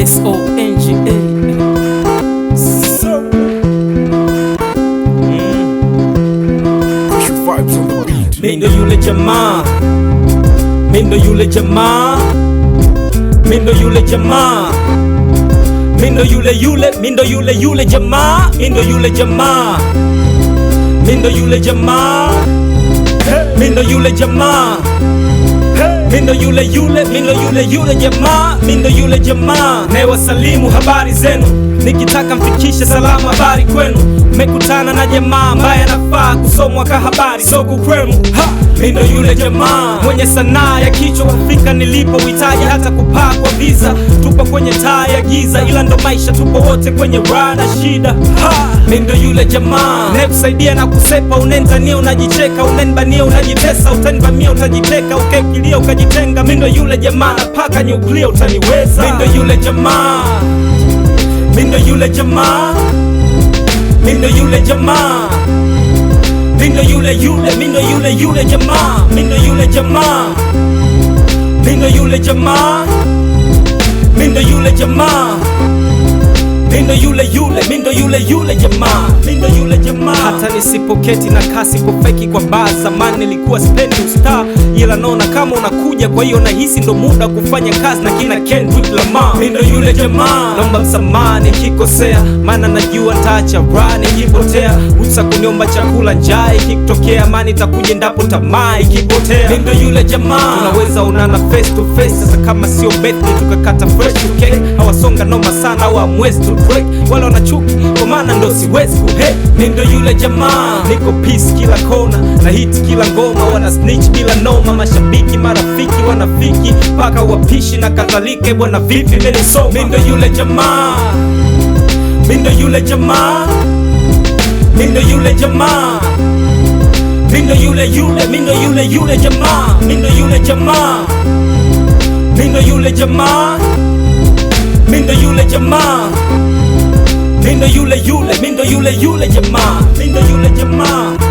songa mindo yule jamaa mindo yule jamaa mindo yule jamaa mindo yule yule mindo yule yule jamaa mindo yule jamaa mindo yule jamaa mindo yule jamaa mindo yule yule, mindo yule yule jamaa, mindo yule jamaa. Nawasalimu, habari zenu, nikitaka mfikishe salamu habari kwenu. Mekutana na jamaa ambaye anafaa kusomwa ka habari so ha. mindo yule jamaa mwenye sanaa ya kichwa Afrika nilipo uhitaji hata kupaa kwa visa. Tupo kwenye taa ya giza, ila ndo maisha, tupo wote kwenye rana na shida. Mindo yule jamaa nakusaidia na kusepa, unenzania unajicheka, unenbania unajitesa, utanivamia utajiteka, ukekilia ukajitenga. Mindo yule jamaa napaka nyuklia, utaniweza. Mindo yule jamaa, mindo yule jamaa, mindo yule jamaa Minno yule yule, minno yule yule jamaa, minno yule jamaa, minno yule jamaa, minno yule jamaa, minno yule yule, minno yule yule jamaa, minno yule Jama. Sipoketi na kasi pofeki kwa baa. Zamani nilikuwa spendi usta, ila naona kama unakuja, kwa hiyo nahisi ndo muda kufanya kazi na kina Kendrick Lamar. Mimi ndo yule jamaa, naomba msamaha nikikosea, maana najua nitaacha raha nikipotea. Usa kuniomba chakula njaa ikitokea, mani itakuja ndapo tamaa ikipotea. Mimi ndo yule jamaa, unaweza onana face to face, sasa kama sio beti tukakata fresh cake. Hawasonga noma sana, hawamwezi to break, wala wanachuki kwa maana ndo siwezi kuhe. Mimi ndo yule jamaa Uh. niko peace kila kona na hit kila ngoma, wana snitch bila noma, mashabiki marafiki wanafiki mpaka wapishi na kadhalika. Eh, bwana vipi, menisoma mindo yule jamaa, mindo yule jamaa, mindo yule jamaa mindo yule yule mindo yule yule jamaa mindo yule jamaa mindo yule jamaa mindo yule jamaa mindo yule yule you let you let your mind. Lindo, you let your mind.